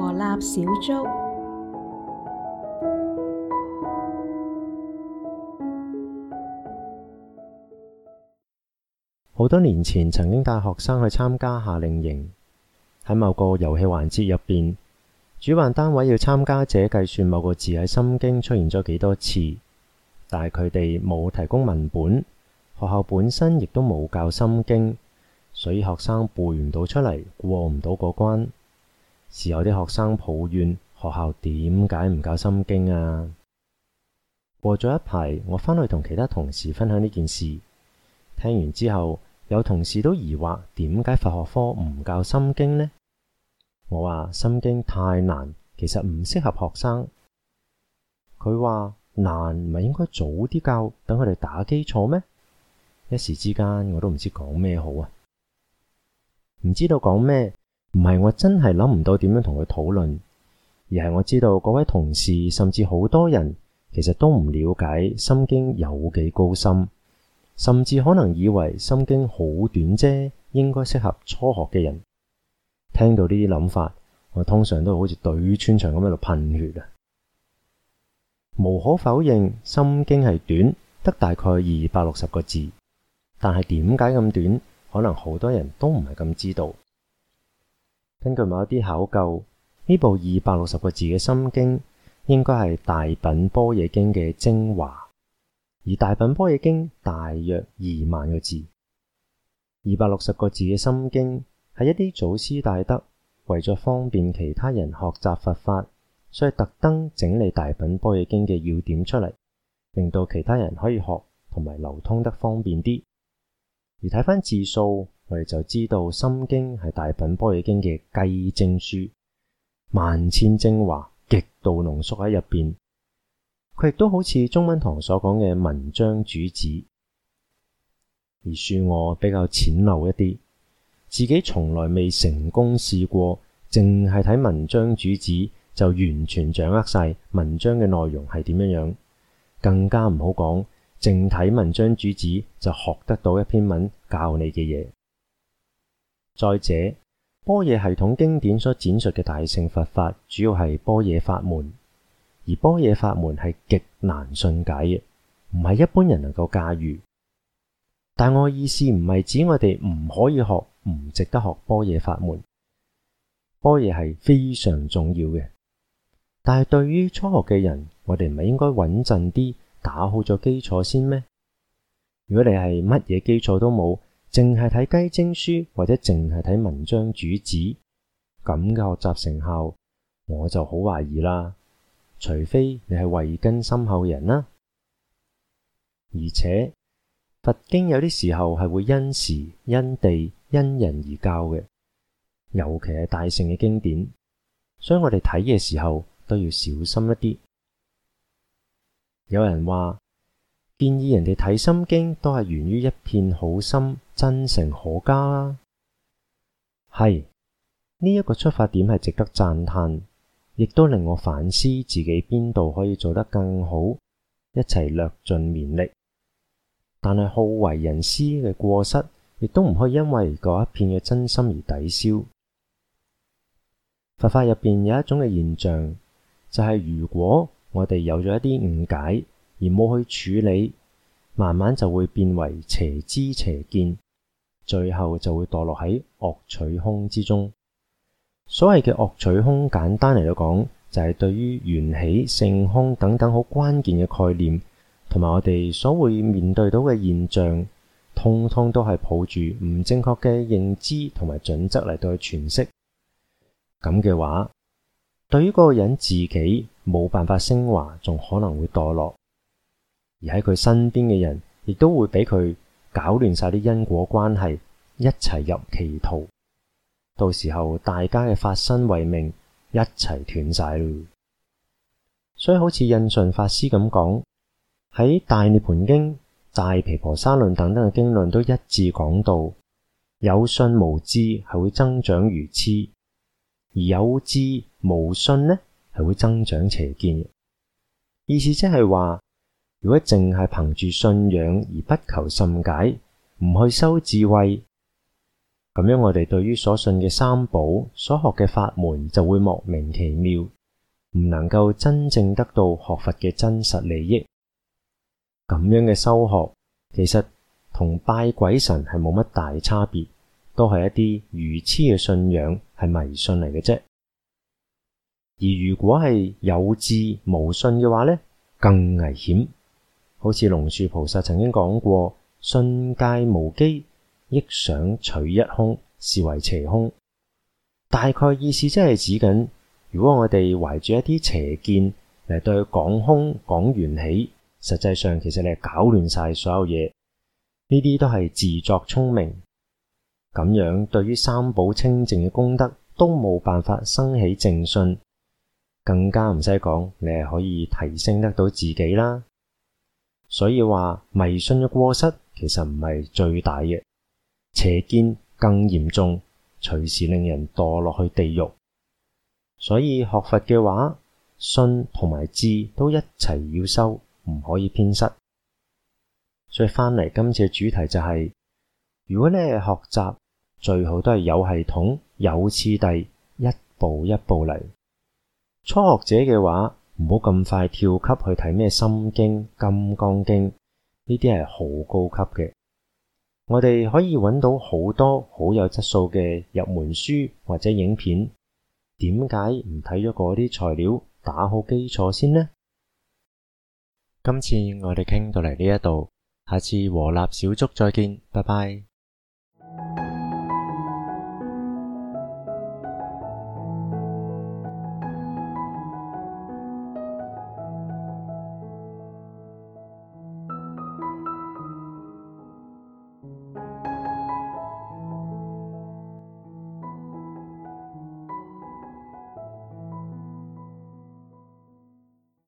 和立小築好多年前曾經帶學生去參加夏令營，喺某個遊戲環節入邊主辦單位要參加者計算某個字喺《心經》出現咗幾多次，但係佢哋冇提供文本，學校本身亦都冇教《心經》，所以學生背唔到出嚟，過唔到個關。時有啲學生抱怨學校點解唔教心經啊？過咗一排，我返去同其他同事分享呢件事，聽完之後，有同事都疑惑點解佛學科唔教心經呢？我話心經太難，其實唔適合學生。佢話難唔係應該早啲教，等佢哋打基礎咩？一時之間，我都唔知講咩好啊！唔知道講咩？唔係我真係諗唔到點樣同佢討論，而係我知道嗰位同事甚至好多人其實都唔了解《心經》有幾高深，甚至可能以為《心經》好短啫，應該適合初學嘅人。聽到呢啲諗法，我通常都好似對穿腸咁喺度噴血啊！無可否認，《心經》係短，得大概二百六十個字，但係點解咁短？可能好多人都唔係咁知道。根據某一啲考究，呢部二百六十個字嘅心經，應該係大品般若經嘅精華，而大品般若經大約二萬個字，二百六十個字嘅心經係一啲祖師大德為咗方便其他人學習佛法，所以特登整理大品般若經嘅要點出嚟，令到其他人可以學同埋流通得方便啲，而睇翻字數。我哋就知道《心經》係《大品般若經》嘅雞精書，萬千精華極度濃縮喺入邊。佢亦都好似中文堂所講嘅文章主旨，而恕我比較淺陋一啲，自己從來未成功試過，淨係睇文章主旨就完全掌握晒文章嘅內容係點樣樣，更加唔好講淨睇文章主旨就學得到一篇文教你嘅嘢。再者，般若系統經典所展述嘅大乘佛法，主要係般若法門，而般若法門係極難信解嘅，唔係一般人能夠駕馭。但我意思唔係指我哋唔可以學，唔值得學般若法門。般若係非常重要嘅，但係對於初學嘅人，我哋唔係應該穩陣啲，打好咗基礎先咩？如果你係乜嘢基礎都冇。淨係睇雞精書或者淨係睇文章主旨咁嘅學習成效，我就好懷疑啦。除非你係慧根深厚人啦，而且佛經有啲時候係會因時因地因人而教嘅，尤其係大乘嘅經典，所以我哋睇嘅時候都要小心一啲。有人話。建議人哋睇《心經》，都係源於一片好心，真誠可嘉啦。係呢一個出發點係值得讚嘆，亦都令我反思自己邊度可以做得更好，一齊略盡綿力。但係好為人師嘅過失，亦都唔可以因為嗰一片嘅真心而抵消。佛法入邊有一種嘅現象，就係如果我哋有咗一啲誤解。而冇去處理，慢慢就會變為邪知邪見，最後就會墮落喺惡取空之中。所謂嘅惡取空，簡單嚟到講，就係、是、對於緣起、性空等等好關鍵嘅概念，同埋我哋所會面對到嘅現象，通通都係抱住唔正確嘅認知同埋準則嚟到去詮釋。咁嘅話，對於嗰個人自己冇辦法升華，仲可能會墮落。而喺佢身邊嘅人，亦都會俾佢搞亂晒啲因果關係，一齊入歧途。到時候大家嘅法身慧命一齊斷晒。所以好似印順法師咁講，喺《大涅槃經》《大毗婆沙論》等等嘅經論都一致講到，有信無智係會增長愚癡，而有智無信呢係會增長邪見。意思即係話。如果淨係憑住信仰而不求甚解，唔去修智慧，咁樣我哋對於所信嘅三寶、所學嘅法門就會莫名其妙，唔能夠真正得到學佛嘅真實利益。咁樣嘅修學，其實同拜鬼神係冇乜大差別，都係一啲愚痴嘅信仰，係迷信嚟嘅啫。而如果係有智無信嘅話呢，更危險。好似龍樹菩薩曾經講過，信戒無基，憶想取一空，是為邪空。大概意思即係指緊，如果我哋懷住一啲邪見嚟對佢講空講緣起，實際上其實你係搞亂晒所有嘢。呢啲都係自作聰明。咁樣對於三寶清淨嘅功德都冇辦法生起正信，更加唔使講，你係可以提升得到自己啦。所以話迷信嘅過失其實唔係最大嘅，邪見更嚴重，隨時令人墮落去地獄。所以學佛嘅話，信同埋智都一齊要收，唔可以偏失。所以翻嚟今次嘅主題就係、是，如果你係學習最好都係有系統、有次第，一步一步嚟。初學者嘅話。唔好咁快跳級去睇咩《心經》《金剛經》，呢啲係好高級嘅。我哋可以揾到好多好有質素嘅入門書或者影片。點解唔睇咗嗰啲材料打好基礎先呢？今次我哋傾到嚟呢一度，下次和立小築再見，拜拜。